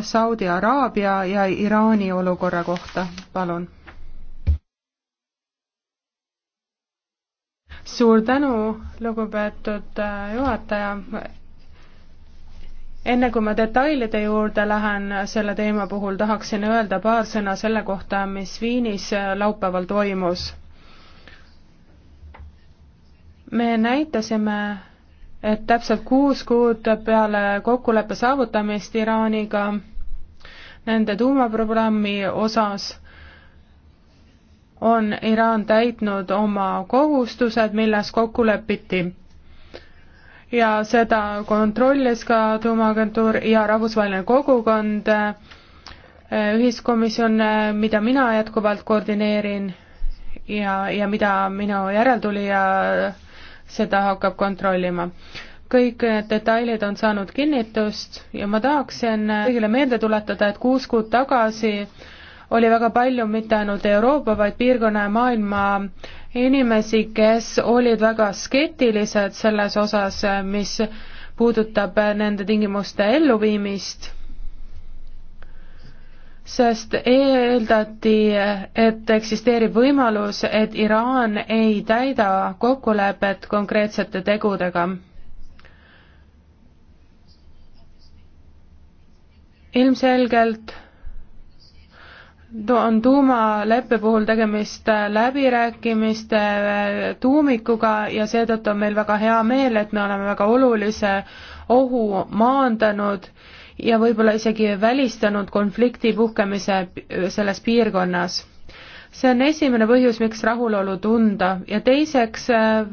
Saudi Araabia ja Iraani olukorra kohta, palun. suur tänu, lugupeetud äh, juhataja. enne kui ma detailide juurde lähen selle teema puhul, tahaksin öelda paar sõna selle kohta, mis Viinis äh, laupäeval toimus. me näitasime et täpselt kuus kuud peale kokkuleppe saavutamist Iraaniga nende tuumaprogrammi osas on Iraan täitnud oma kohustused, milles kokku lepiti. ja seda kontrollis ka tuumaagentuur ja rahvusvaheline kogukond, eh, ühiskomisjon, eh, mida mina jätkuvalt koordineerin ja, ja mida minu järeltulija seda hakkab kontrollima. kõik need detailid on saanud kinnitust ja ma tahaksin kõigile meelde tuletada, et kuus kuud tagasi oli väga palju mitte ainult Euroopa, vaid piirkonna ja maailma inimesi, kes olid väga skeptilised selles osas, mis puudutab nende tingimuste elluviimist sest eeldati, et eksisteerib võimalus, et Iraan ei täida kokkulepet konkreetsete tegudega. ilmselgelt on tuumaleppe puhul tegemist läbirääkimiste tuumikuga ja seetõttu on meil väga hea meel, et me oleme väga olulise ohu maandanud ja võib-olla isegi välistanud konflikti puhkemise selles piirkonnas. see on esimene põhjus, miks rahulolu tunda ja teiseks äh,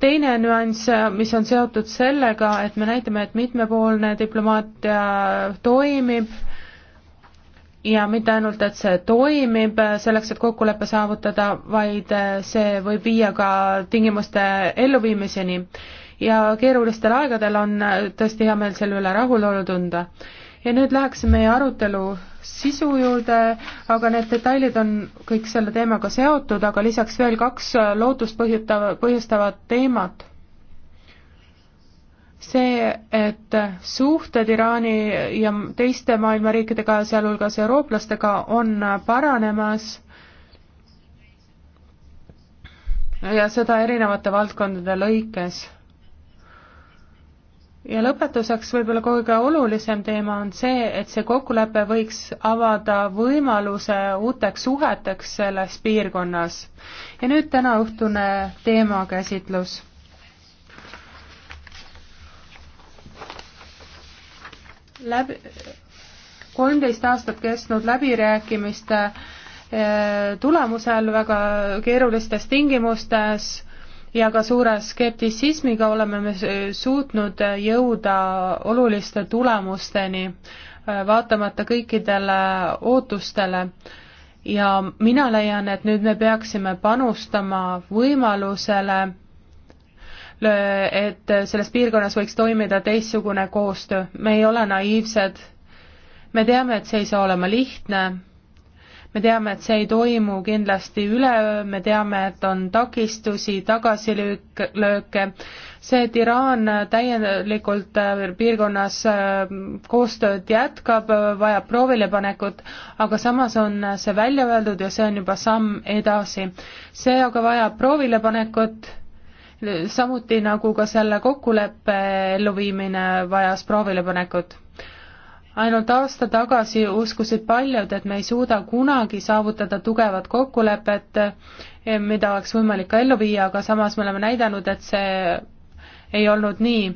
teine nüanss, äh, mis on seotud sellega, et me näitame, et mitmepoolne diplomaatia toimib ja mitte ainult, et see toimib selleks, et kokkulepe saavutada, vaid äh, see võib viia ka tingimuste elluviimiseni ja keerulistel aegadel on äh, tõesti hea meel selle üle rahulolu tunda. ja nüüd läheks meie arutelu sisu juurde, aga need detailid on kõik selle teemaga seotud, aga lisaks veel kaks äh, lootust põhjutav, põhjustavat teemat. see, et suhted Iraani ja teiste maailma riikidega, sealhulgas eurooplastega, on paranemas ja seda erinevate valdkondade lõikes ja lõpetuseks võib-olla kõige olulisem teema on see, et see kokkulepe võiks avada võimaluse uuteks suheteks selles piirkonnas. ja nüüd tänaõhtune teemakäsitlus. läbi, kolmteist aastat kestnud läbirääkimiste eh, tulemusel väga keerulistes tingimustes ja ka suure skeptitsismiga oleme me suutnud jõuda oluliste tulemusteni, äh, vaatamata kõikidele ootustele. ja mina leian, et nüüd me peaksime panustama võimalusele, et selles piirkonnas võiks toimida teistsugune koostöö, me ei ole naiivsed, me teame, et see ei saa olema lihtne me teame, et see ei toimu kindlasti üleöö, me teame, et on takistusi, tagasilööke, see, et Iraan täielikult äh, piirkonnas äh, koostööd jätkab, äh, vajab proovilepanekut, aga samas on see välja öeldud ja see on juba samm edasi. see aga vajab proovilepanekut, samuti nagu ka selle kokkuleppe elluviimine vajas proovilepanekut ainult aasta tagasi uskusid paljud, et me ei suuda kunagi saavutada tugevat kokkulepet, eh, mida oleks võimalik ka ellu viia, aga samas me oleme näidanud, et see ei olnud nii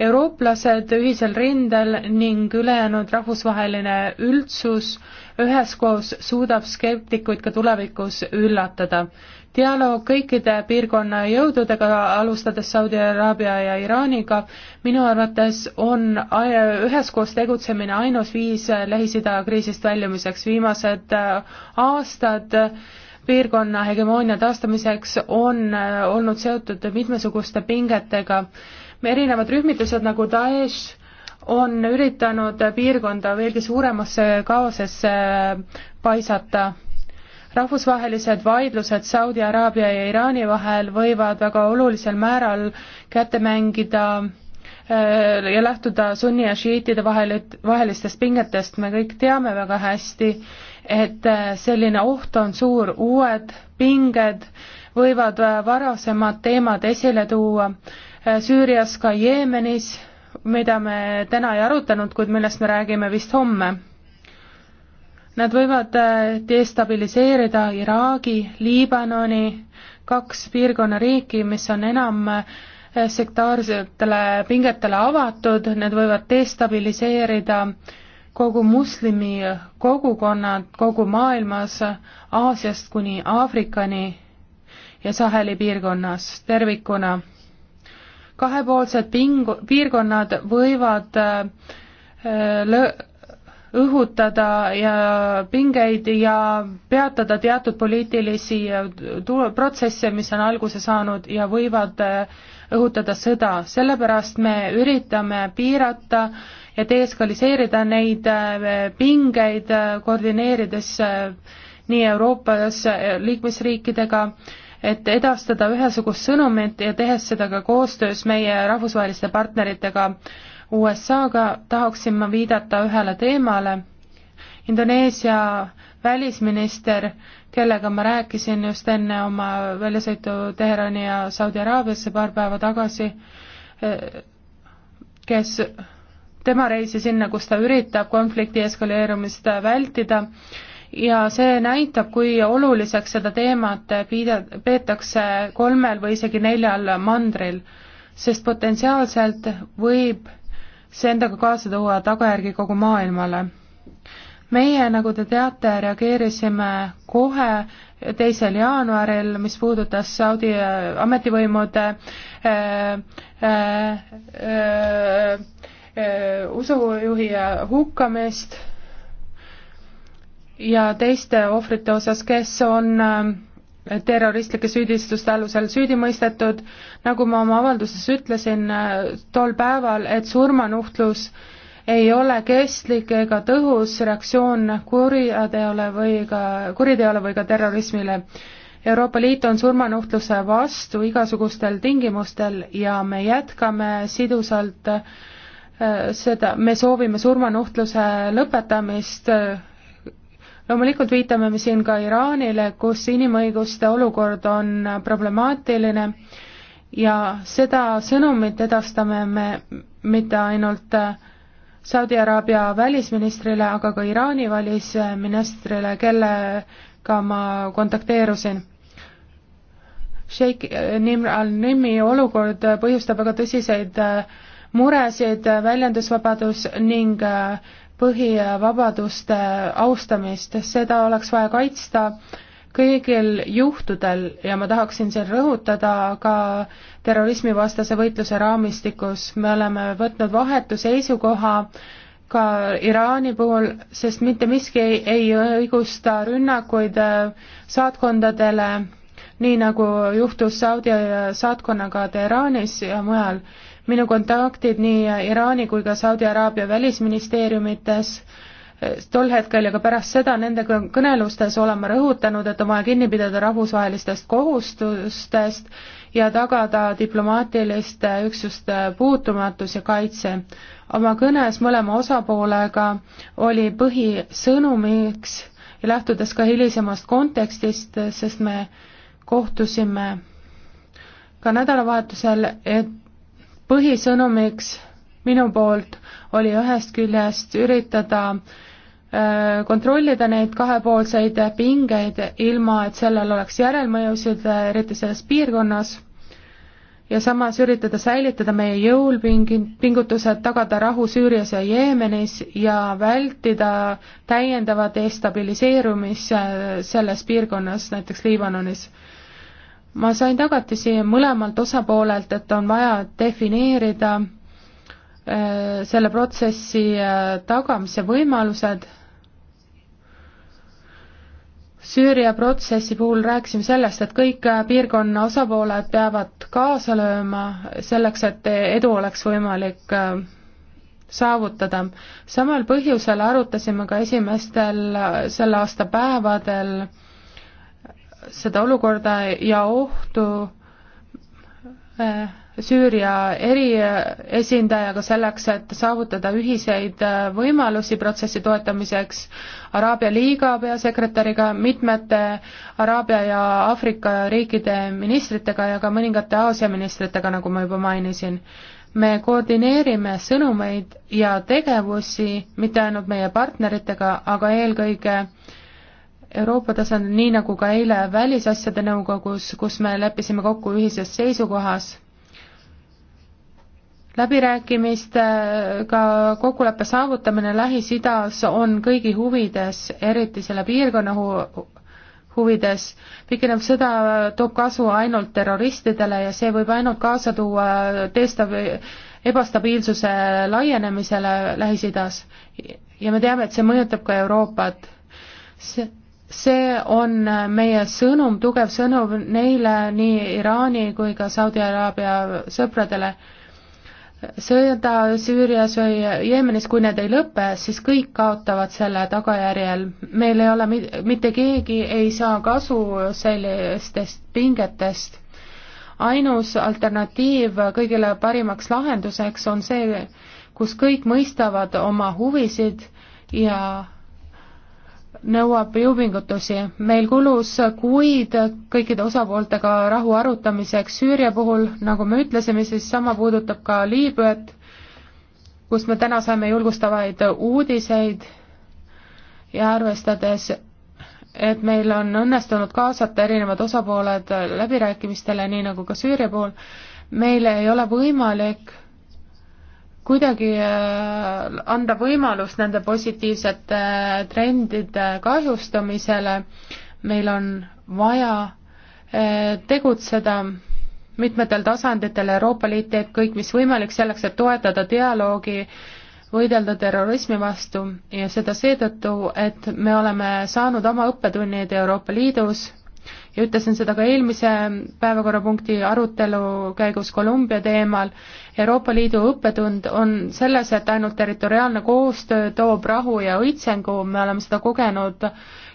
eurooplased ühisel rindel ning ülejäänud rahvusvaheline üldsus üheskoos suudab skeptikuid ka tulevikus üllatada. dialoog kõikide piirkonna jõududega, alustades Saudi Araabia ja Iraaniga, minu arvates on üheskoos tegutsemine ainus viis Lähis-Ida kriisist väljumiseks. viimased äh, aastad piirkonna hegemoonia taastamiseks on äh, olnud seotud mitmesuguste pingetega erinevad rühmitused nagu Daesh on üritanud piirkonda veelgi suuremasse kaosesse paisata. rahvusvahelised vaidlused Saudi Araabia ja Iraani vahel võivad väga olulisel määral kätte mängida äh, ja lähtuda sunni ja šiitide vahel, vahelistest pingetest, me kõik teame väga hästi, et äh, selline oht on suur, uued pinged võivad äh, varasemad teemad esile tuua Äh, Süürias, ka Jeemenis, mida me täna ei arutanud, kuid millest me räägime vist homme. Nad võivad äh, destabiliseerida Iraagi, Liibanoni, kaks piirkonna riiki, mis on enam äh, sektaarsetele pingetele avatud, need võivad destabiliseerida kogu muslimi kogukonnad kogu maailmas, Aasiast kuni Aafrikani ja Saheli piirkonnas tervikuna kahepoolsed ping-, piirkonnad võivad äh, lõ-, õhutada ja pingeid ja peatada teatud poliitilisi äh, protsesse, mis on alguse saanud ja võivad äh, õhutada sõda, sellepärast me üritame piirata ja deeskaliseerida neid pingeid, koordineerides nii Euroopas liikmesriikidega et edastada ühesugust sõnumit ja tehes seda ka koostöös meie rahvusvaheliste partneritega USA-ga, tahaksin ma viidata ühele teemale. Indoneesia välisminister, kellega ma rääkisin just enne oma väljasõitu Teherani ja Saudi Araabiasse paar päeva tagasi, kes, tema reisi sinna, kus ta üritab konflikti eskaleerumist vältida, ja see näitab, kui oluliseks seda teemat piida-, peetakse kolmel või isegi neljal mandril, sest potentsiaalselt võib see endaga kaasa tuua tagajärgi kogu maailmale. meie, nagu te teate, reageerisime kohe teisel jaanuaril, mis puudutas Saudi äh, ametivõimude äh, äh, äh, äh, usujuhi hukkamist ja teiste ohvrite osas, kes on äh, terroristlike süüdistuste alusel süüdi mõistetud, nagu ma oma avalduses ütlesin äh, tol päeval, et surmanuhtlus ei ole kestlik ega tõhus reaktsioon kuriteole või ka, kuriteole või ka terrorismile. Euroopa Liit on surmanuhtluse vastu igasugustel tingimustel ja me jätkame sidusalt äh, seda, me soovime surmanuhtluse lõpetamist loomulikult viitame me siin ka Iraanile, kus inimõiguste olukord on problemaatiline ja seda sõnumit edastame me mitte ainult Saudi Araabia välisministrile, aga ka Iraani välisministrile, kellega ma kontakteerusin. Sheikh Nimr al-Nimmi olukord põhjustab väga tõsiseid muresid, väljendusvabadus ning põhivabaduste austamist, seda oleks vaja kaitsta kõigil juhtudel ja ma tahaksin siin rõhutada ka terrorismivastase võitluse raamistikus, me oleme võtnud vahetu seisukoha ka Iraani puhul, sest mitte miski ei, ei õigusta rünnakuid äh, saatkondadele, nii nagu juhtus Saudi äh, saatkonnaga Teheranis ja mujal minu kontaktid nii Iraani kui ka Saudi Araabia välisministeeriumites tol hetkel ja ka pärast seda nende kõnelustes olen ma rõhutanud, et on vaja kinni pidada rahvusvahelistest kohustustest ja tagada diplomaatiliste üksuste puutumatus ja kaitse. oma kõnes mõlema osapoolega oli põhisõnumiks ja lähtudes ka hilisemast kontekstist, sest me kohtusime ka nädalavahetusel, et põhisõnumiks minu poolt oli ühest küljest üritada äh, kontrollida neid kahepoolseid pingeid, ilma et sellel oleks järelmõjusid, äh, eriti selles piirkonnas, ja samas üritada säilitada meie jõulpingin-, pingutused, tagada rahu Süürias ja Jeemenis ja vältida täiendavat destabiliseerumist äh, selles piirkonnas, näiteks Liibanonis ma sain tagatisi mõlemalt osapoolelt, et on vaja defineerida äh, selle protsessi äh, tagamise võimalused. Süüria protsessi puhul rääkisime sellest, et kõik äh, piirkonna osapooled peavad kaasa lööma selleks, et edu oleks võimalik saavutada. samal põhjusel arutasime ka esimestel selle aasta päevadel äh, seda olukorda ja ohtu äh, Süüria eriesindajaga selleks, et saavutada ühiseid äh, võimalusi protsessi toetamiseks, Araabia liiga peasekretäriga, mitmete Araabia ja Aafrika riikide ministritega ja ka mõningate Aasia ministritega, nagu ma juba mainisin. me koordineerime sõnumeid ja tegevusi mitte ainult meie partneritega, aga eelkõige äh, Euroopa tasandil, nii nagu ka eile Välisasjade Nõukogus, kus me leppisime kokku ühises seisukohas, läbirääkimistega kokkuleppe saavutamine Lähis-Idas on kõigi huvides, eriti selle piirkonna hu-, huvides. pikenev sõda toob kasu ainult terroristidele ja see võib ainult kaasa tuua destabi-, ebastabiilsuse laienemisele Lähis-Idas. ja me teame, et see mõjutab ka Euroopat. see see on meie sõnum, tugev sõnum neile, nii Iraani kui ka Saudi Araabia sõpradele. sõda Süürias või Jeemenis, kui need ei lõpe, siis kõik kaotavad selle tagajärjel. meil ei ole, mitte keegi ei saa kasu sellistest pingetest. ainus alternatiiv kõigile parimaks lahenduseks on see, kus kõik mõistavad oma huvisid ja nõuab jõupingutusi. meil kulus kuid kõikide osapooltega rahu arutamiseks Süüria puhul, nagu me ütlesime, siis sama puudutab ka Liibüat, kus me täna saime julgustavaid uudiseid ja arvestades, et meil on õnnestunud kaasata erinevad osapooled läbirääkimistele, nii nagu ka Süüria puhul, meil ei ole võimalik kuidagi äh, anda võimalust nende positiivsete äh, trendide kahjustamisele, meil on vaja äh, tegutseda mitmetel tasanditel, Euroopa Liit teeb kõik, mis võimalik selleks, et toetada dialoogi, võidelda terrorismi vastu ja seda seetõttu, et me oleme saanud oma õppetunnid Euroopa Liidus ja ütlesin seda ka eelmise päevakorrapunkti arutelu käigus Kolumbia teemal, Euroopa Liidu õppetund on selles, et ainult territoriaalne koostöö toob rahu ja õitsengu, me oleme seda kogenud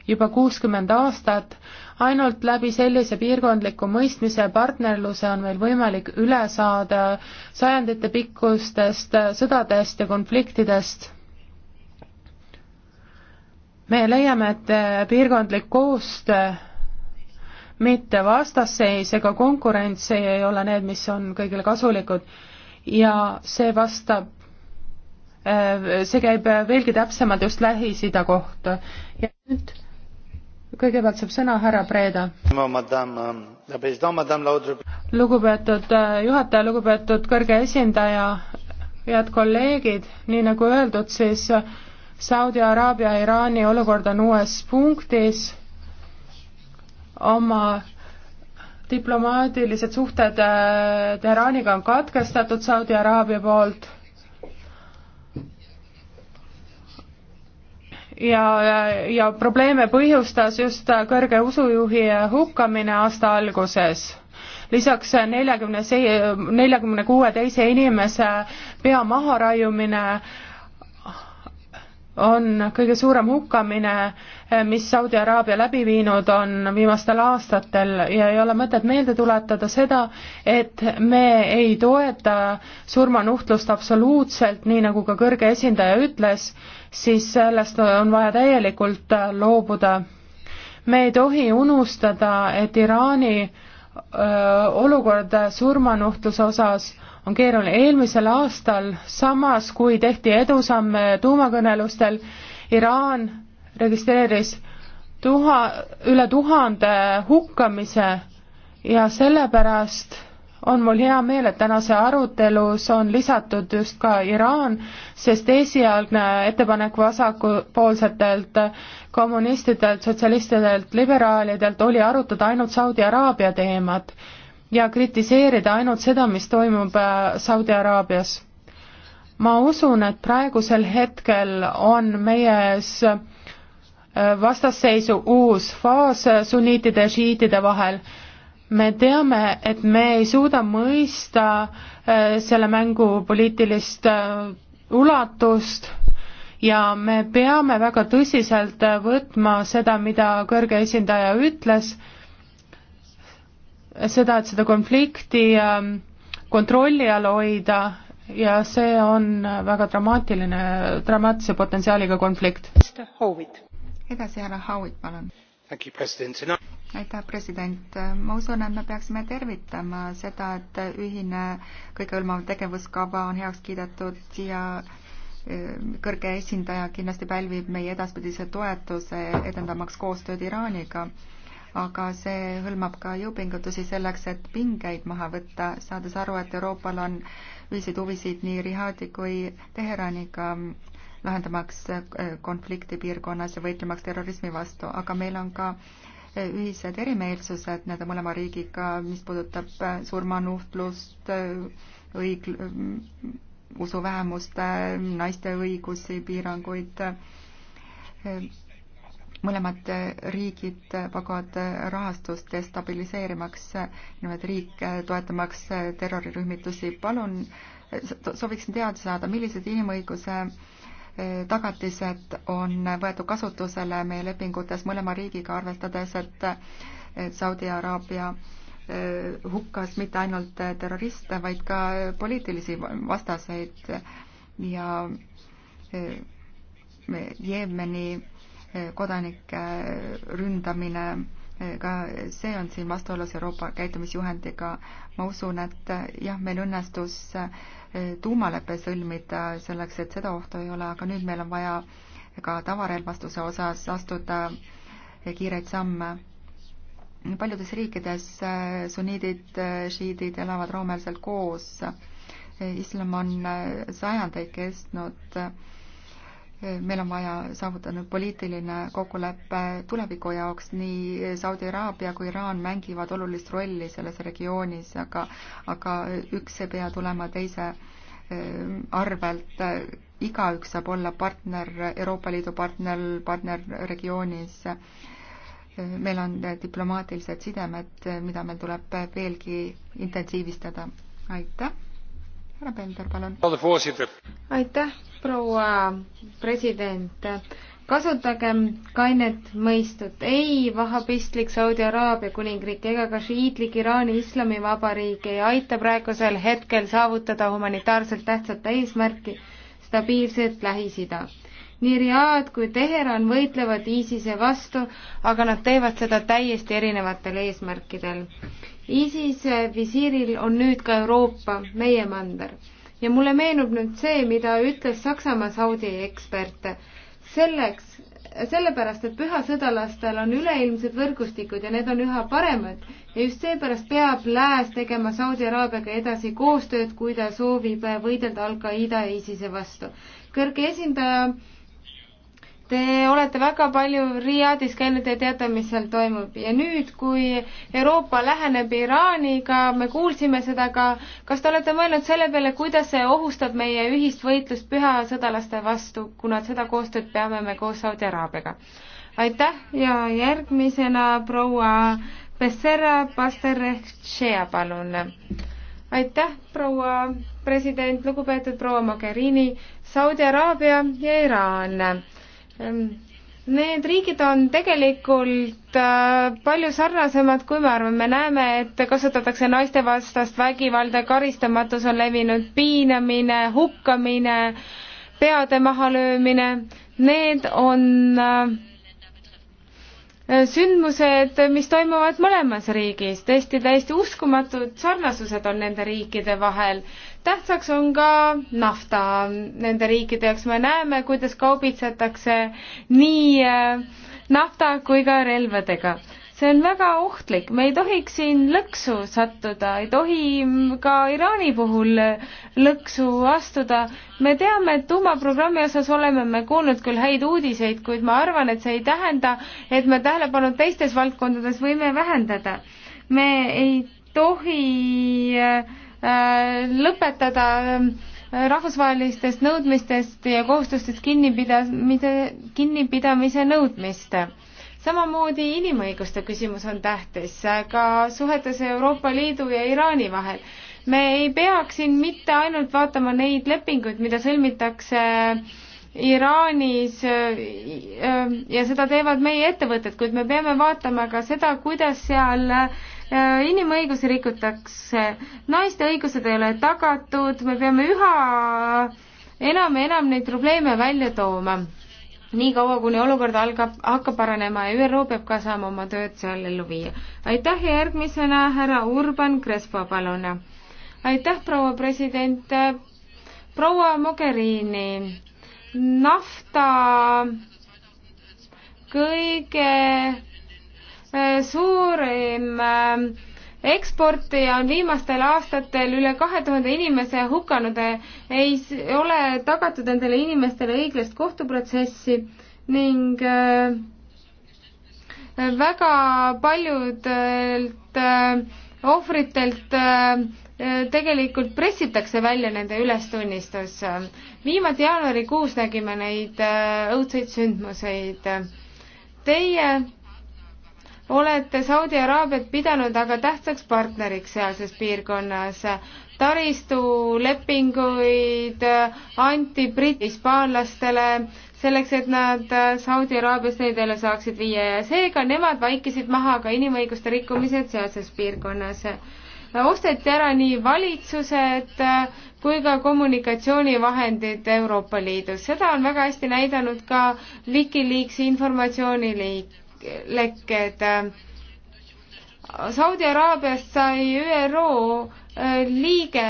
juba kuuskümmend aastat, ainult läbi sellise piirkondliku mõistmise ja partnerluse on meil võimalik üle saada sajandite pikkustest sõdadest ja konfliktidest. me leiame, et piirkondlik koostöö mitte vastasseis ega konkurents ei ole need, mis on kõigile kasulikud. ja see vastab, äh, see käib veelgi täpsemalt just Lähis-Ida kohta. ja nüüd kõigepealt saab sõna härra Preeda. lugupeetud äh, juhataja, lugupeetud kõrge esindaja, head kolleegid, nii nagu öeldud, siis Saudi Araabia ja Iraani olukord on uues punktis oma diplomaatilised suhted äh, Teheraaniga on katkestatud Saudi Araabia poolt ja, ja probleeme põhjustas just kõrge usujuhi hukkamine aasta alguses. lisaks neljakümne, neljakümne kuue teise inimese pea maharaiumine on kõige suurem hukkamine, eh, mis Saudi Araabia läbi viinud on viimastel aastatel ja ei ole mõtet meelde tuletada seda, et me ei toeta surmanuhtlust absoluutselt, nii nagu ka kõrge esindaja ütles, siis sellest on vaja täielikult eh, loobuda. me ei tohi unustada, et Iraani olukord surmanuhtluse osas on keeruline. eelmisel aastal, samas kui tehti edusamme tuumakõnelustel, Iraan registreeris tuha, üle tuhande hukkamise ja sellepärast on mul hea meel, et tänase arutelus on lisatud just ka Iraan, sest esialgne ettepanek vasakupoolsetelt kommunistidelt, sotsialistidelt, liberaalidelt oli arutada ainult Saudi Araabia teemat ja kritiseerida ainult seda, mis toimub äh, Saudi Araabias. ma usun, et praegusel hetkel on meie ees äh, vastasseisu uus faas sunniitide ja šiiitide vahel me teame, et me ei suuda mõista äh, selle mängu poliitilist äh, ulatust ja me peame väga tõsiselt äh, võtma seda, mida kõrge esindaja ütles, seda, et seda konflikti ähm, kontrolli all hoida ja see on väga dramaatiline, dramaatilise potentsiaaliga konflikt. edasi, härra Howitt, palun aitäh, president. ma usun, et me peaksime tervitama seda, et ühine kõigehõlmav tegevuskava on heaks kiidetud ja e, kõrge esindaja kindlasti pälvib meie edaspidise toetuse, edendamaks koostööd Iraaniga. aga see hõlmab ka jõupingutusi selleks, et pingeid maha võtta, saades aru, et Euroopal on ühiseid huvisid nii Rihadi kui Teheraniga lahendamaks e, konflikti piirkonnas ja võitlemaks terrorismi vastu, aga meil on ka äh, ühised erimeelsused nende mõlema riigiga, mis puudutab äh, surmanuhtlust, äh, õig-, mm, usuvähemuste, naiste õigusi, piiranguid. Äh, mõlemad riigid pakuvad rahastust destabiliseerimaks nimelt riike, toetamaks terrorirühmitusi. palun sooviksin teada saada, millised inimõiguse tagatised on võetud kasutusele meie lepingutes mõlema riigiga, arvestades, et Saudi Araabia e, hukkas mitte ainult terroriste, vaid ka poliitilisi vastaseid ja e, Jeemeni e, kodanike ründamine ka see on siin vastuolus Euroopa käitumisjuhendiga. ma usun, et jah, meil õnnestus eh, tuumalepe sõlmida selleks, et seda ohtu ei ole, aga nüüd meil on vaja ka tavarelvastuse osas astuda eh, kiireid samme. paljudes riikides eh, sunniidid, šiidid elavad roomelselt koos. islam on sajandeid kestnud meil on vaja saavutada poliitiline kokkulepe tuleviku jaoks, nii Saudi Araabia kui Iraan mängivad olulist rolli selles regioonis, aga, aga üks ei pea tulema teise eh, arvelt, igaüks saab olla partner, Euroopa Liidu partner, partner regioonis. Eh, meil on diplomaatilised sidemed, eh, mida meil tuleb veelgi intensiivistada. aitäh! härra Pelder, palun. aitäh, proua president. kasutagem kainet mõistut. ei vahabistlik Saudi Araabia kuningriik ega ka šiiitlik Iraani islamivabariik ei aita praegusel hetkel saavutada humanitaarselt tähtsat eesmärki, stabiilset Lähis-Ida nii Riad kui Teheran võitlevad ISISe vastu, aga nad teevad seda täiesti erinevatel eesmärkidel. ISISe visiiril on nüüd ka Euroopa, meie mander. ja mulle meenub nüüd see, mida ütles Saksamaa Saudi ekspert. selleks, sellepärast, et pühasõdalastel on üleilmsed võrgustikud ja need on üha paremad ja just seepärast peab Lääs tegema Saudi Araabiaga edasi koostööd, kui ta soovib võidelda Al-Qaeda ja ISISe vastu. kõrge esindaja Te olete väga palju Riadis käinud ja teate, mis seal toimub ja nüüd, kui Euroopa läheneb Iraaniga, me kuulsime seda ka, kas te olete mõelnud selle peale, kuidas see ohustab meie ühist võitlust pühasõdalaste vastu, kuna seda koostööd peame me koos Saudi Araabiaga? aitäh ja järgmisena proua Becerra Pasterechea, palun. aitäh, proua president, lugupeetud proua Mogherini, Saudi Araabia ja Iraan Ehm, need riigid on tegelikult äh, palju sarnasemad, kui me arvame, me näeme, et kasutatakse naistevastast vägivalda, karistamatus on levinud, piinamine, hukkamine, peade mahalöömine, need on äh, Äh, sündmused, mis toimuvad mõlemas riigis, tõesti täiesti uskumatud sarnasused on nende riikide vahel. tähtsaks on ka nafta nende riikide jaoks, me näeme, kuidas kaubitsetakse nii äh, nafta kui ka relvadega see on väga ohtlik, me ei tohiks siin lõksu sattuda, ei tohi ka Iraani puhul lõksu astuda. me teame, et tuumaprogrammi osas oleme me kuulnud küll häid uudiseid, kuid ma arvan, et see ei tähenda, et me tähelepanu teistes valdkondades võime vähendada. me ei tohi äh, lõpetada äh, rahvusvahelistest nõudmistest ja kohustustest kinnipidamise, kinnipidamise nõudmist samamoodi inimõiguste küsimus on tähtis ka suhetes Euroopa Liidu ja Iraani vahel. me ei peaks siin mitte ainult vaatama neid lepinguid, mida sõlmitakse Iraanis äh, äh, ja seda teevad meie ettevõtted, kuid me peame vaatama ka seda, kuidas seal äh, inimõigusi rikutakse. naiste õigused ei ole tagatud, me peame üha enam ja enam neid probleeme välja tooma niikaua, kuni olukord algab, hakkab paranema ja ÜRO peab ka saama oma tööd seal ellu viia. aitäh ja järgmisena härra Urban Crespo, palun. aitäh, proua president, proua Mogherini, nafta kõige äh, suurim äh, eksporti ja on viimastel aastatel üle kahe tuhande inimese hukanud, ei ole tagatud nendele inimestele õiglast kohtuprotsessi ning äh, väga paljudelt äh, ohvritelt äh, tegelikult pressitakse välja nende ülestunnistus. viimati jaanuarikuus nägime neid õudseid sündmuseid. Teie olete Saudi Araabiat pidanud aga tähtsaks partneriks sealses piirkonnas. taristulepinguid anti Briti hispaanlastele selleks, et nad Saudi Araabias neid jälle saaksid viia ja seega nemad vaikisid maha ka inimõiguste rikkumised sealses piirkonnas. osteti ära nii valitsused kui ka kommunikatsioonivahendid Euroopa Liidus, seda on väga hästi näidanud ka Wikileaksi informatsioonileik lekked. Saudi Araabiast sai ÜRO äh, liige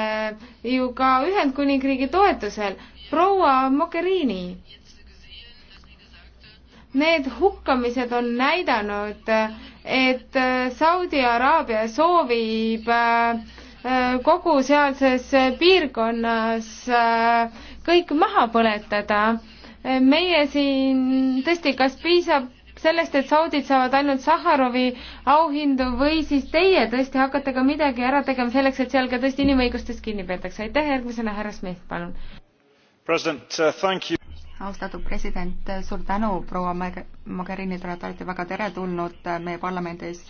ju ka Ühendkuningriigi toetusel, proua Mogherini. Need hukkamised on näidanud, et Saudi Araabia soovib äh, kogu sealses piirkonnas äh, kõik maha põletada meie siin tõesti, kas piisab sellest, et saudid saavad ainult Saharovi auhindu või siis teie tõesti hakkate ka midagi ära tegema selleks, et seal ka tõesti inimõigustest kinni peetakse. aitäh, järgmisena härra Smith, palun. Uh, austatud president, uh, suur tänu, proua Mogherini, te olete väga teretulnud uh, meie parlamendis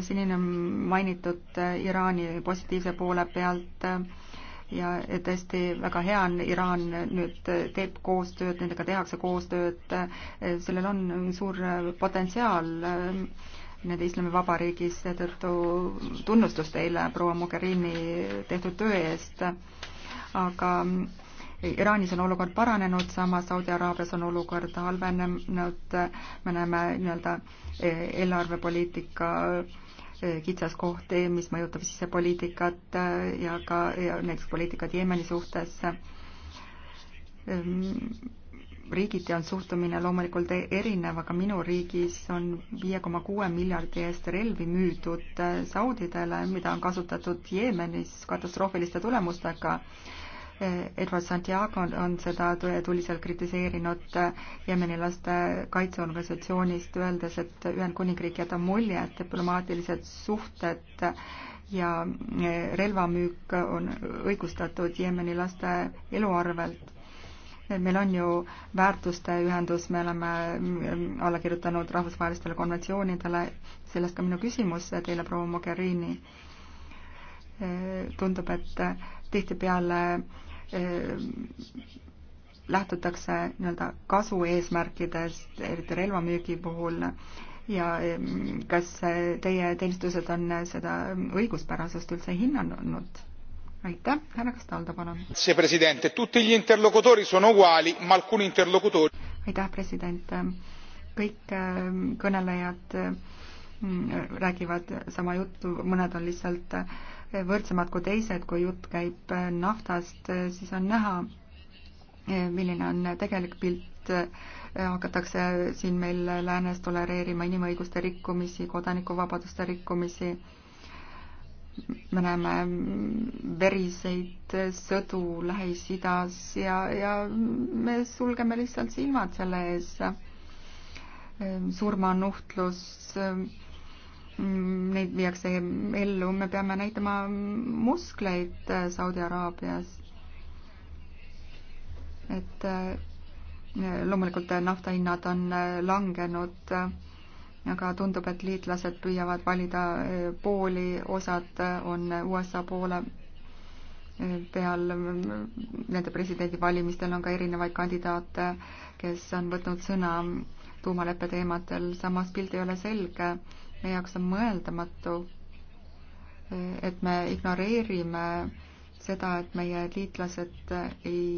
siin on mainitud Iraani positiivse poole pealt ja tõesti väga hea on, Iraan nüüd teeb koostööd, nendega tehakse koostööd, sellel on suur potentsiaal nende islamivabariigis, seetõttu tunnustus teile, proua Mogherini, tehtud töö eest, aga Iraanis on olukord paranenud, samas Saudi Araabias on olukord halvenenud, me näeme nii-öelda eelarvepoliitika Eh, kitsaskoht, eh, mis mõjutab sisepoliitikat eh, ja ka ja näiteks poliitikat Jeemeni suhtes. Ehm, riigiti on suhtumine loomulikult e-, erinev, aga minu riigis on viie koma kuue miljardi eest relvi müüdud Saudidele, mida on kasutatud Jeemenis katastroofiliste tulemustega Edward Santiago on, on seda tuliselt kritiseerinud Jemeni laste kaitseorganisatsioonist, öeldes, et Ühendkuningriik jätab mulje, et diplomaatilised suhted ja eh, relvamüük on õigustatud Jemeni laste elu arvelt meil on ju väärtuste ühendus, me oleme mm, alla kirjutanud rahvusvahelistele konventsioonidele, sellest ka minu küsimus teile, proua Mogherini. Eh, tundub, et tihtipeale Ehm, lähtutakse nii-öelda kasu eesmärkidest, eriti relvamüügi puhul ja ehm, kas teie teenistused on seda õiguspärasust üldse hinnanud? aitäh, härra Kastaldo, palun. aitäh, president. kõik ehm, kõnelejad mm, räägivad sama juttu, mõned on lihtsalt võrdsemad kui teised, kui jutt käib äh, naftast, äh, siis on näha, äh, milline on tegelik pilt, hakatakse siin meil läänes tolereerima inimõiguste rikkumisi, kodanikuvabaduste rikkumisi, me näeme veriseid sõdu Lähis-Idas ja, ja me sulgeme lihtsalt silmad selle ees. surmanuhtlus Mm, neid viiakse ellu, me peame näitama muskleid äh, Saudi Araabias. et äh, loomulikult äh, naftahinnad on langenud, aga tundub, et liitlased püüavad valida pooli, osad on USA poole peal, nende presidendivalimistel on ka erinevaid kandidaate, kes on võtnud sõna tuumaleppe teemadel, samas pilt ei ole selge meie jaoks on mõeldamatu, et me ignoreerime seda, et meie liitlased ei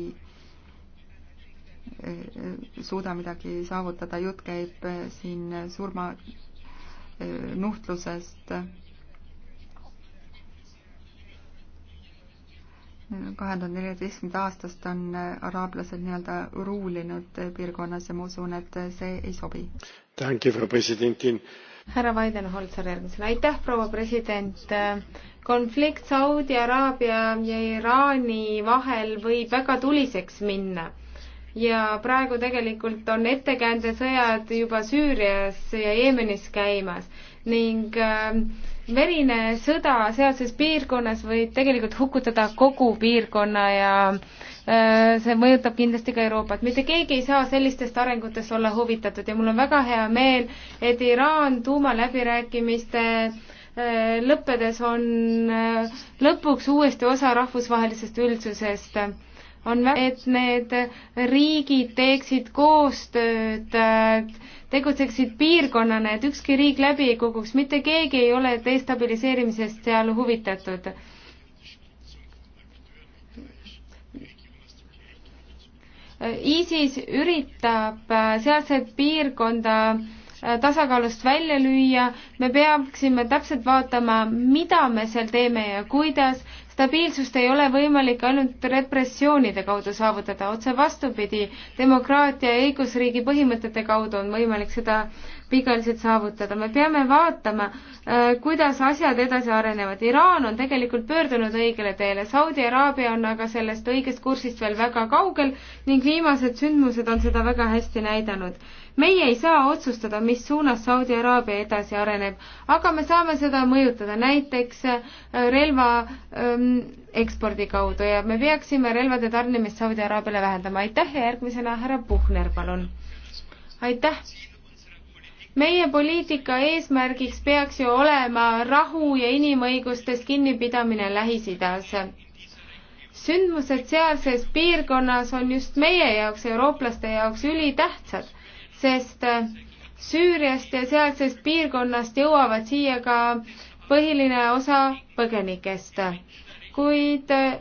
eh, suuda midagi saavutada, jutt käib eh, siin surmanuhtlusest. Eh, kahe tuhande neljateistkümnenda aastast on araablased nii-öelda ruulinud piirkonnas ja ma usun, et see ei sobi. tänan, härra president härra Weidenholzer järgmisena, aitäh, proua president. konflikt Saudi Araabia ja Iraani vahel võib väga tuliseks minna ja praegu tegelikult on ettekäändesõjad juba Süürias ja Jeemenis käimas ning äh, verine sõda sealses piirkonnas võib tegelikult hukutada kogu piirkonna ja äh, see mõjutab kindlasti ka Euroopat. mitte keegi ei saa sellistest arengutest olla huvitatud ja mul on väga hea meel, et Iraan tuumaläbirääkimiste äh, lõppedes on äh, lõpuks uuesti osa rahvusvahelisest üldsusest on väga, et need riigid teeksid koostööd, tegutseksid piirkonnana, et ükski riik läbi ei kukuks, mitte keegi ei ole destabiliseerimisest seal huvitatud. ISIS üritab sealset piirkonda tasakaalust välja lüüa, me peaksime täpselt vaatama, mida me seal teeme ja kuidas, stabiilsust ei ole võimalik ainult repressioonide kaudu saavutada, otse vastupidi, demokraatia ja õigusriigi põhimõtete kaudu on võimalik seda pikaajaliselt saavutada. me peame vaatama, äh, kuidas asjad edasi arenevad. Iraan on tegelikult pöördunud õigele teele, Saudi Araabia on aga sellest õigest kursist veel väga kaugel ning viimased sündmused on seda väga hästi näidanud. meie ei saa otsustada, mis suunas Saudi Araabia edasi areneb, aga me saame seda mõjutada näiteks äh, relva ähm, ekspordi kaudu ja me peaksime relvade tarnimist Saudi Araabiale vähendama. aitäh ja järgmisena härra Puhner, palun. aitäh meie poliitika eesmärgiks peaks ju olema rahu ja inimõigustest kinnipidamine Lähis-Idas. sündmused sealses piirkonnas on just meie jaoks, eurooplaste jaoks ülitähtsad, sest äh, Süüriast ja sealsest piirkonnast jõuavad siia ka põhiline osa põgenikest. kuid äh,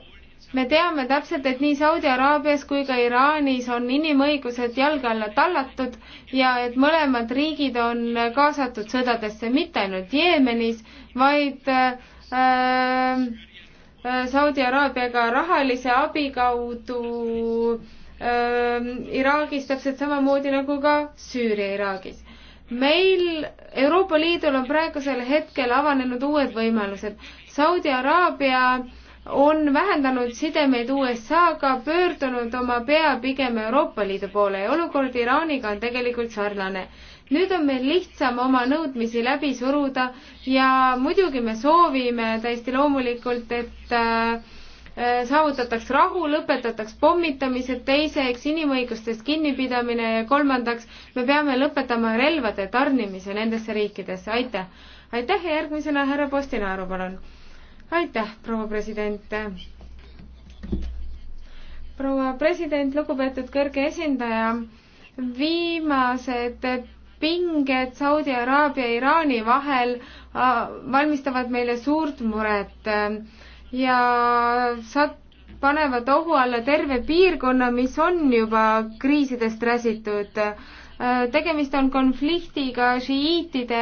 me teame täpselt, et nii Saudi Araabias kui ka Iraanis on inimõigused jalge alla tallatud ja et mõlemad riigid on kaasatud sõdadesse, mitte ainult Jeemenis, vaid äh, äh Saudi Araabiaga rahalise abi kaudu äh, Iraagis täpselt samamoodi nagu ka Süüria Iraagis meil Euroopa Liidul on praegusel hetkel avanenud uued võimalused. Saudi Araabia äh, on vähendanud sidemeid USA-ga, pöördunud oma pea pigem Euroopa Liidu poole ja olukord Iraaniga on tegelikult sarnane. nüüd on meil lihtsam oma nõudmisi läbi suruda ja muidugi me soovime täiesti loomulikult, et äh, äh saavutataks rahu, lõpetataks pommitamised, teiseks inimõigustest kinnipidamine ja kolmandaks me peame lõpetama relvade tarnimise nendesse riikidesse, aitäh. aitäh ja järgmisena härra Postinaaru, palun aitäh, proua president. proua president, lugupeetud kõrge esindaja, viimased pinged Saudi Araabia ja Iraani vahel äh, valmistavad meile suurt muret ja sat-, panevad ohu alla terve piirkonna, mis on juba kriisidest räsitud. Äh, tegemist on konfliktiga šiiitide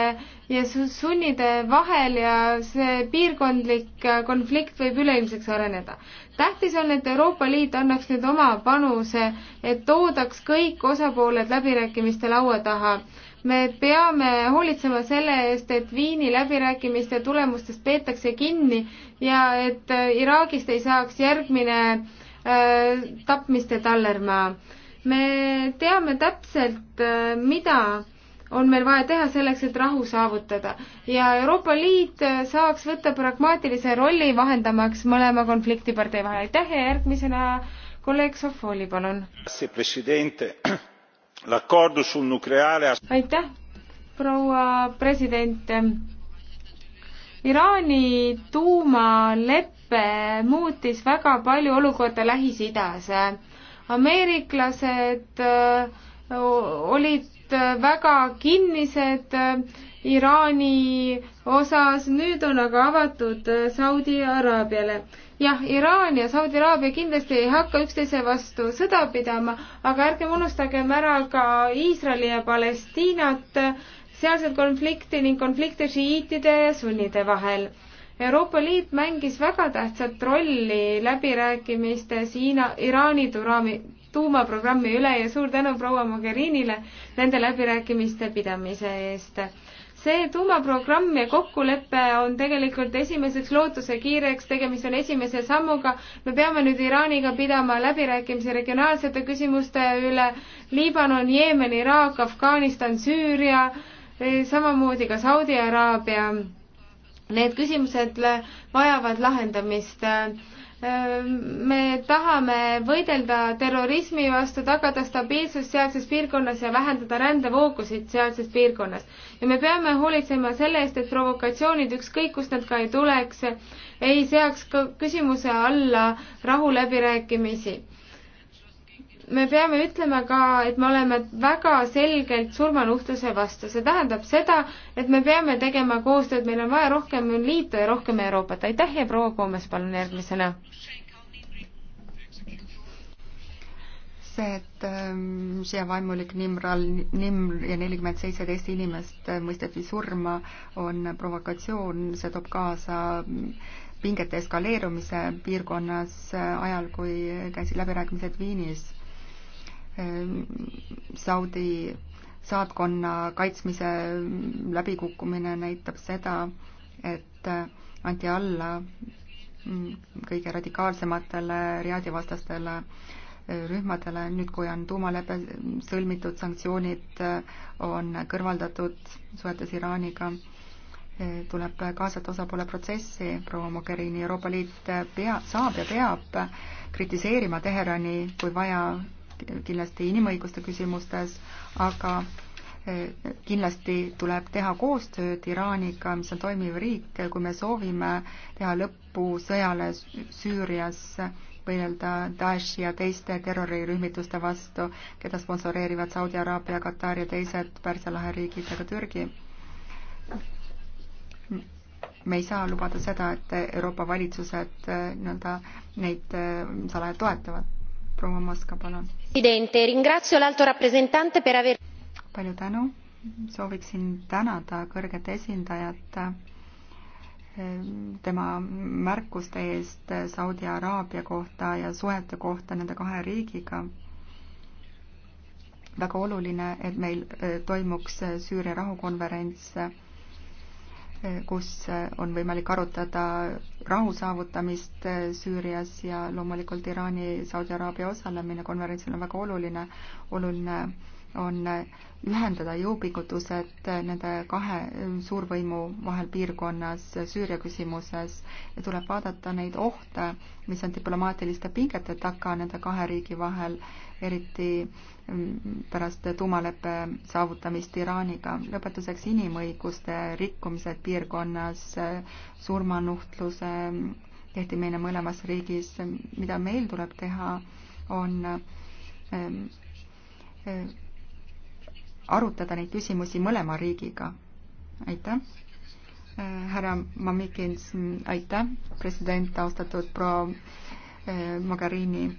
ja sunnide vahel ja see piirkondlik äh, konflikt võib üleilmseks areneda. tähtis on, et Euroopa Liit annaks nüüd oma panuse, et toodaks kõik osapooled läbirääkimiste laua taha. me peame hoolitsema selle eest, et Viini läbirääkimiste tulemustest peetakse kinni ja et äh, Iraagist ei saaks järgmine äh, tapmiste tallermaa me teame täpselt, äh, mida on meil vaja teha selleks, et rahu saavutada. ja Euroopa Liit saaks võtta pragmaatilise rolli vahendamaks mõlema konfliktipartei vahel. aitäh ja järgmisena kolleeg Sofoli, palun. aitäh, proua president. Iraani tuumalepe muutis väga palju olukorda Lähis-Idas. ameeriklased äh, olid väga kinnised Iraani osas, nüüd on aga avatud Saudi Araabiale. jah, Iraan ja Saudi Araabia kindlasti ei hakka üksteise vastu sõda pidama, aga ärgem unustagem ära ka Iisraeli ja Palestiinat, sealset konflikti ning konflikte šiiitide ja sunnide vahel. Euroopa Liit mängis väga tähtsat rolli läbirääkimistes Hiina, Iraani turaami, tuumaprogrammi üle ja suur tänu proua Mogherinile nende läbirääkimiste pidamise eest. see tuumaprogramm ja kokkulepe on tegelikult esimeseks lootusekiireks, tegemist on esimese sammuga. me peame nüüd Iraaniga pidama läbirääkimisi regionaalsete küsimuste üle, Liibanon, Jeemen, Iraak, Afganistan, Süüria, eh, samamoodi ka Saudi Araabia. Need küsimused vajavad lahendamist Ehm, me tahame võidelda terrorismi vastu, tagada stabiilsust sealses piirkonnas ja vähendada rändevoogusid sealses piirkonnas. ja me peame hoolitsema selle eest, et provokatsioonid, ükskõik kust nad ka ei tuleks, ei seaks küsimuse alla rahuläbirääkimisi me peame ütlema ka, et me oleme väga selgelt surmanuhtluse vastu, see tähendab seda, et me peame tegema koostööd, meil on vaja rohkem liitu ja rohkem Euroopat, aitäh ja proua Koomes, palun järgmisena. see, et ähm, siia vaimulik Nimral, Nimr ja nelikümmend seitse teist inimest äh, mõisteti surma, on provokatsioon, see toob kaasa mm, pingete eskaleerumise piirkonnas äh, ajal, kui käisid läbirääkimised Viinis Ehm, Saudi saatkonna kaitsmise läbikukkumine näitab seda, et anti alla mm, kõige radikaalsematele Riadi vastastele eh, rühmadele, nüüd kui on tuumalepe sõlmitud, sanktsioonid eh, on kõrvaldatud suhetes Iraaniga, eh, tuleb kaasata osapoole protsessi, proua Mogherini, Euroopa Liit pea, saab ja peab kritiseerima Teherani, kui vaja, kindlasti inimõiguste küsimustes, aga eh, kindlasti tuleb teha koostööd Iraaniga, mis on toimiv riik, kui me soovime teha lõppu sõjale Süürias, võidelda Daeshi ja teiste terrorirühmituste vastu, keda sponsoreerivad Saudi Araabia, Katar ja teised Pärsia lahe riigid ja nagu ka Türgi. me ei saa lubada seda, et Euroopa valitsused eh, nii-öelda neid eh, salaja toetavad proua Moska, palun. palju tänu, sooviksin tänada kõrget esindajat eh, tema märkuste eest Saudi Araabia kohta ja suhete kohta nende kahe riigiga. väga oluline, et meil eh, toimuks Süüria rahukonverents kus on võimalik arutada rahu saavutamist Süürias ja loomulikult Iraani, Saudi Araabia osalemine konverentsil on väga oluline. oluline on ühendada jõupingutused nende kahe suurvõimu vahel piirkonnas Süüria küsimuses ja tuleb vaadata neid ohte, mis on diplomaatiliste pingete taga nende kahe riigi vahel, eriti äh, pärast tuumaleppe saavutamist Iraaniga. lõpetuseks inimõiguste rikkumised piirkonnas, surmanuhtluse kehtimine mõlemas riigis, mida meil tuleb teha, on ähm, äh, arutada neid küsimusi mõlema riigiga. aitäh! Äh, härra Mamikins, aitäh, president, austatud proua äh, Mogherini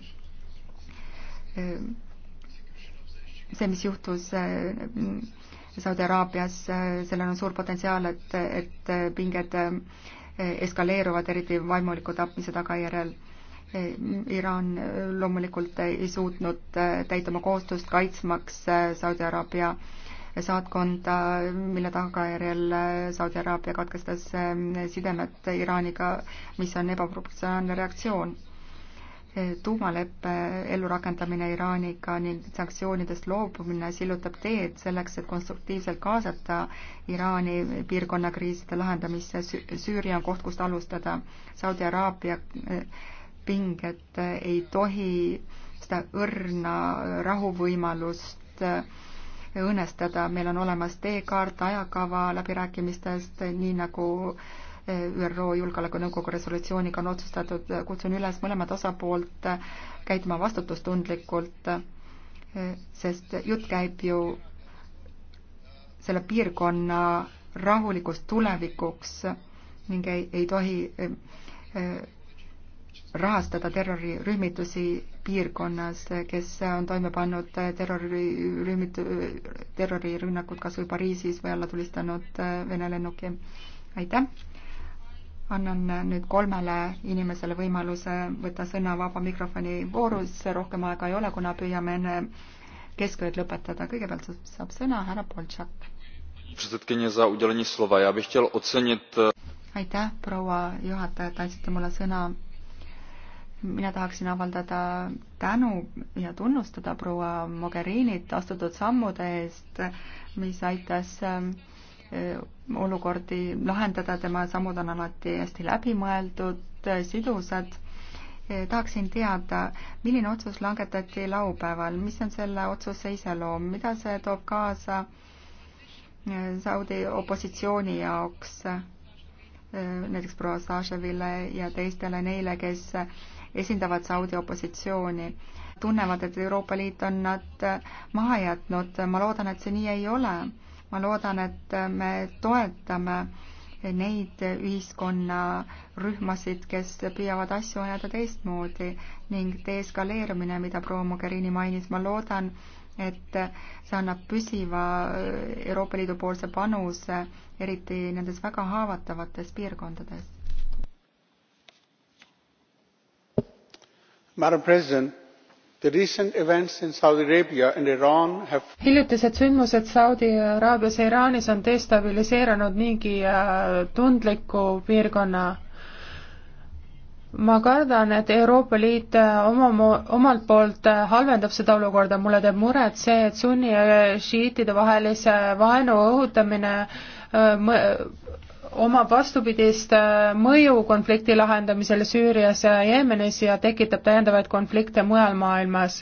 see, mis juhtus äh, Saudi Araabias, äh, sellel on suur potentsiaal, et, et äh, pinged eskaleeruvad, eriti vaimuliku tapmise tagajärjel. Iraan loomulikult ei suutnud täita oma kohustust, kaitsmaks Saudi Araabia saatkonda, mille tagajärjel Saudi Araabia katkestas sidemed Iraaniga, mis on ebaproportsionaalne reaktsioon tuumaleppe ellurakendamine Iraaniga ning sanktsioonidest loobumine sillutab teed selleks, et konstruktiivselt kaasata Iraani piirkonna kriiside lahendamisse. Süüria on koht, kust alustada. Saudi Araabia eh, pinged eh, ei tohi seda õrna rahuvõimalust eh, õõnestada. meil on olemas teekaart, ajakava läbirääkimistest, nii nagu äh, ÜRO Julgeolekunõukogu resolutsiooniga on otsustatud, kutsun üles mõlemad osapoolt käituma vastutustundlikult, sest jutt käib ju selle piirkonna rahulikuks tulevikuks ning ei, ei tohi eh, rahastada terrorirühmitusi piirkonnas, kes on toime pannud terrorirühmit-, terrorirünnakud kas või Pariisis või alla tulistanud eh, Vene lennuki. aitäh! annan nüüd kolmele inimesele võimaluse võtta sõna vaba mikrofoni voorus, rohkem aega ei ole, kuna püüame enne keskööd lõpetada. kõigepealt saab sõna härra Poltšak. Eh, aitäh, proua juhataja, et andsite mulle sõna. mina tahaksin avaldada tänu ja tunnustada proua Mogherinit astutud sammude eest, mis aitas äh, Eh, olukordi lahendada, tema sammud on alati hästi läbimõeldud, eh, sidusad. Eh, tahaksin teada, milline otsus langetati laupäeval, mis on selle otsuse iseloom, mida see toob kaasa Saudi opositsiooni jaoks, näiteks proua Saševile ja teistele neile, kes esindavad Saudi opositsiooni tunnevad, et Euroopa Liit on nad maha jätnud. ma loodan, et see nii ei ole ma loodan, et me toetame neid ühiskonnarühmasid, kes püüavad asju ajada teistmoodi ning deeskaleerumine, mida proua Mogherini mainis, ma loodan, et see annab püsiva Euroopa Liidu poolse panuse, eriti nendes väga haavatavates piirkondades. Madam President hiljutised sündmused Saudi Araabias ja Iraanis on destabiliseerunud niigi äh, tundliku piirkonna ma kardan, et Euroopa Liit äh, oma, omalt poolt äh, halvendab seda olukorda, mulle teeb muret see, et sunni ja šiitide vahelise vaenu õhutamine omab vastupidist äh, mõju konflikti lahendamisele Süürias ja Jeemenis ja tekitab täiendavaid konflikte mujal maailmas.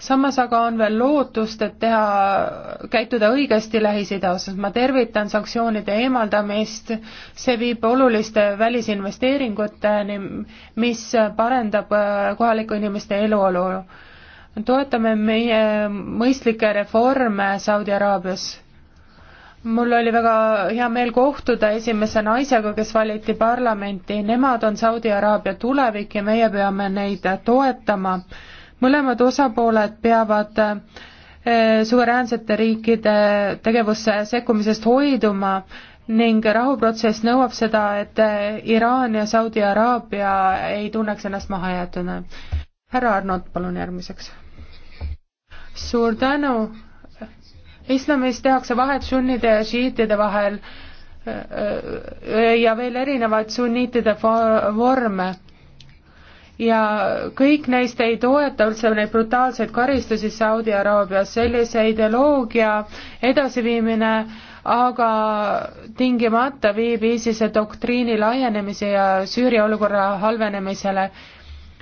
samas aga on veel lootust, et teha, käituda õigesti Lähis-Ida osas, ma tervitan sanktsioonide eemaldamist, see viib oluliste välisinvesteeringuteni, mis parendab äh, kohalike inimeste eluolu. toetame meie mõistlikke reforme Saudi Araabias mul oli väga hea meel kohtuda esimese naisega, kes valiti parlamenti, nemad on Saudi Araabia tulevik ja meie peame neid toetama. mõlemad osapooled peavad eh, suveräänsete riikide tegevusse sekkumisest hoiduma ning rahuprotsess nõuab seda, et eh, Iraan ja Saudi Araabia ei tunneks ennast mahajäetuna. härra Arnold, palun järgmiseks. suur tänu islamis tehakse vahet sunnide ja šiitide vahel ja veel erinevaid sunniitide vorme. ja kõik neist ei toeta üldse neid brutaalseid karistusi Saudi Araabias, sellise ideoloogia edasiviimine aga tingimata viib ISISe doktriini laienemise ja Süüria olukorra halvenemisele.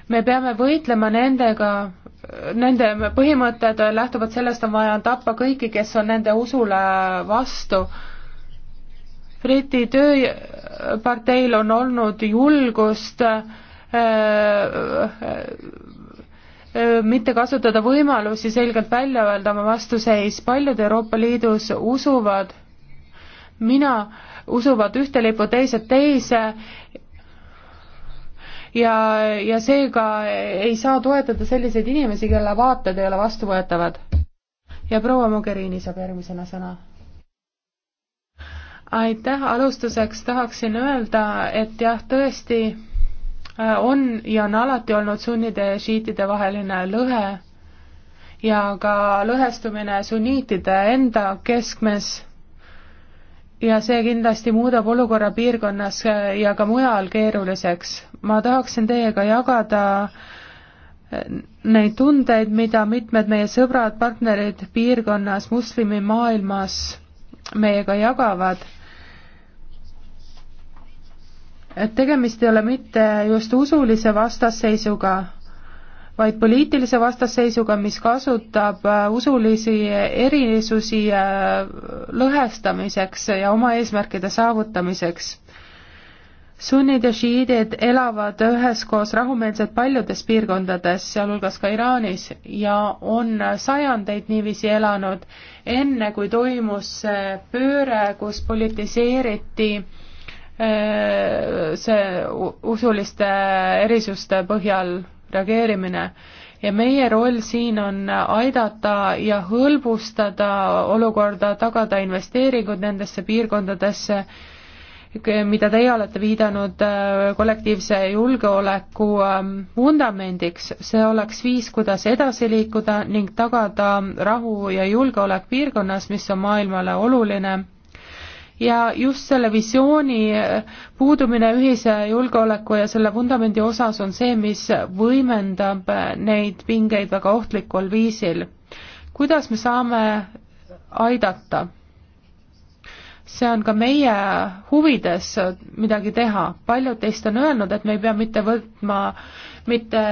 me peame võitlema nendega, nende põhimõtted lähtuvad sellest, on vaja tappa kõiki, kes on nende usule vastu. Briti tööparteil on olnud julgust äh, äh, mitte kasutada võimalusi selgelt välja öelda oma vastuseis, paljud Euroopa Liidus usuvad, mina, usuvad ühte lipu, teised teise ja, ja seega ei saa toetada selliseid inimesi, kelle vaated ei ole vastuvõetavad. ja proua Mogherini saab järgmisena sõna. aitäh, alustuseks tahaksin öelda, et jah, tõesti äh, on ja on alati olnud sunnide ja šiitide vaheline lõhe ja ka lõhestumine sunniitide enda keskmes ja see kindlasti muudab olukorra piirkonnas äh, ja ka mujal keeruliseks. ma tahaksin teiega jagada äh, neid tundeid, mida mitmed meie sõbrad, partnerid piirkonnas, muslimimaailmas meiega jagavad. et tegemist ei ole mitte just usulise vastasseisuga, vaid poliitilise vastasseisuga, mis kasutab äh, usulisi erisusi äh, lõhestamiseks ja oma eesmärkide saavutamiseks. sunnid ja šiiidid elavad üheskoos rahumeelselt paljudes piirkondades, sealhulgas ka Iraanis, ja on sajandeid niiviisi elanud, enne kui toimus see pööre, kus politiseeriti äh, see usuliste erisuste põhjal reageerimine ja meie roll siin on aidata ja hõlbustada olukorda, tagada investeeringud nendesse piirkondadesse, mida teie olete viidanud äh, kollektiivse julgeoleku ähm, vundamendiks, see oleks viis, kuidas edasi liikuda ning tagada rahu ja julgeolek piirkonnas, mis on maailmale oluline ja just selle visiooni puudumine ühise julgeoleku ja selle vundamendi osas on see, mis võimendab neid pingeid väga ohtlikul viisil. kuidas me saame aidata? see on ka meie huvides midagi teha, paljud teist on öelnud, et me ei pea mitte võtma, mitte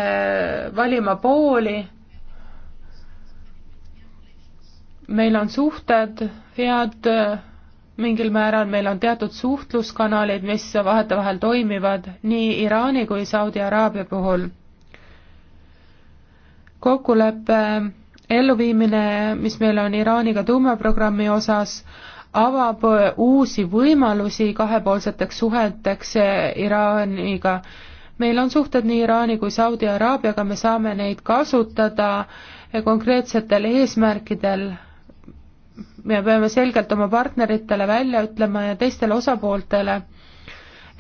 valima pooli, meil on suhted head mingil määral meil on teatud suhtluskanalid, mis vahetevahel toimivad nii Iraani kui Saudi Araabia puhul. kokkuleppe elluviimine, mis meil on Iraaniga tuumaprogrammi osas, avab uusi võimalusi kahepoolseteks suheteks Iraaniga. meil on suhted nii Iraani kui Saudi Araabiaga, me saame neid kasutada konkreetsetel eesmärkidel me peame selgelt oma partneritele välja ütlema ja teistele osapooltele,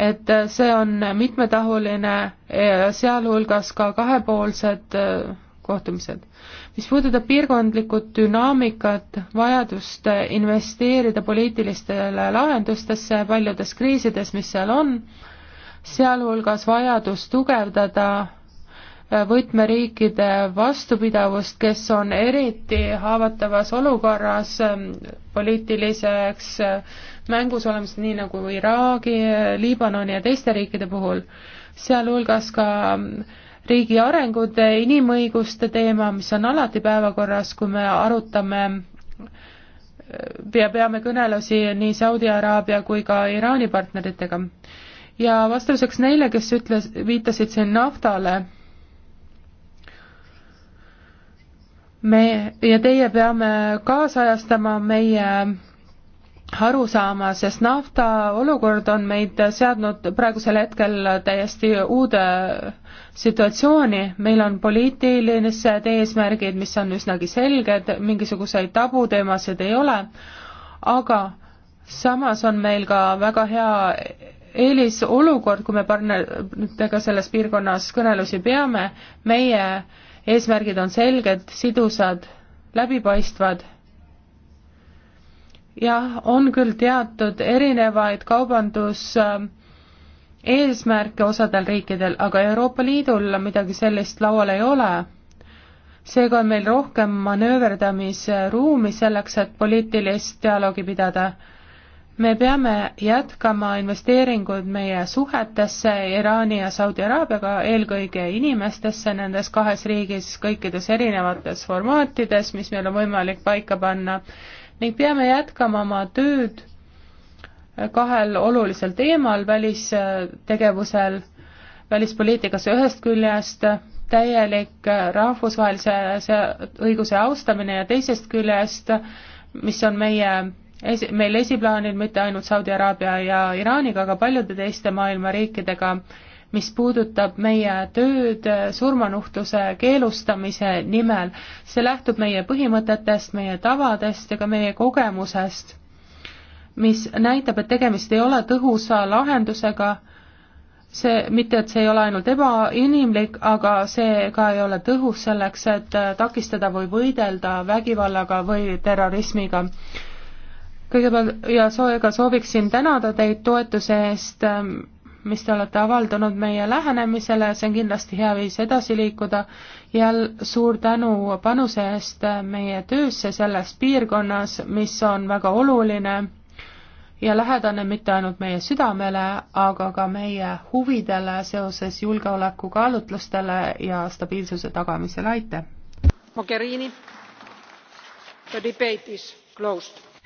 et see on mitmetahuline, sealhulgas ka kahepoolsed äh, kohtumised. mis puudutab piirkondlikku dünaamikat, vajadust äh, investeerida poliitilistele lahendustesse paljudes kriisides, mis seal on, sealhulgas vajadus tugevdada võtmeriikide vastupidavust, kes on eriti haavatavas olukorras ähm, poliitiliseks äh, mängus olemas, nii nagu Iraagi, äh, Liibanoni ja teiste riikide puhul, sealhulgas ka ähm, riigi arengud, inimõiguste teema, mis on alati päevakorras, kui me arutame äh, ja peame kõnelusi nii Saudi Araabia kui ka Iraani partneritega. ja vastuseks neile, kes ütles, viitasid siin naftale, me ja teie peame kaasajastama meie arusaama, sest nafta olukord on meid seadnud praegusel hetkel täiesti uude situatsiooni, meil on poliitilised eesmärgid, mis on üsnagi selged, mingisuguseid tabuteemasid ei ole, aga samas on meil ka väga hea eelisolukord, kui me partneritega selles piirkonnas kõnelusi peame, meie äh, eesmärgid on selged, sidusad, läbipaistvad jah, on küll teatud erinevaid kaubandus eesmärke osadel riikidel, aga Euroopa Liidul midagi sellist laual ei ole. seega on meil rohkem manööverdamisruumi selleks, et poliitilist dialoogi pidada me peame jätkama investeeringuid meie suhetesse Iraani ja Saudi Araabiaga, eelkõige inimestesse nendes kahes riigis kõikides erinevates formaatides, mis meil on võimalik paika panna, ning peame jätkama oma tööd kahel olulisel teemal välistegevusel, välispoliitikas ühest küljest täielik rahvusvahelise õiguse austamine ja teisest küljest, mis on meie esi-, meil esiplaanil mitte ainult Saudi Araabia ja Iraaniga, aga paljude teiste maailma riikidega, mis puudutab meie tööd surmanuhtluse keelustamise nimel. see lähtub meie põhimõtetest, meie tavadest ja ka meie kogemusest, mis näitab, et tegemist ei ole tõhusa lahendusega, see, mitte et see ei ole ainult ebainimlik, aga see ka ei ole tõhus selleks, et takistada või võidelda vägivallaga või terrorismiga kõigepealt ja sooviga sooviksin tänada teid toetuse eest, ähm, mis te olete avaldanud meie lähenemisele, see on kindlasti hea viis edasi liikuda ja suur tänu panuse eest äh, meie töösse selles piirkonnas, mis on väga oluline ja lähedane mitte ainult meie südamele, aga ka meie huvidele seoses julgeolekukaalutlustele ja stabiilsuse tagamisele, aitäh! Mogherini, the debate is closed.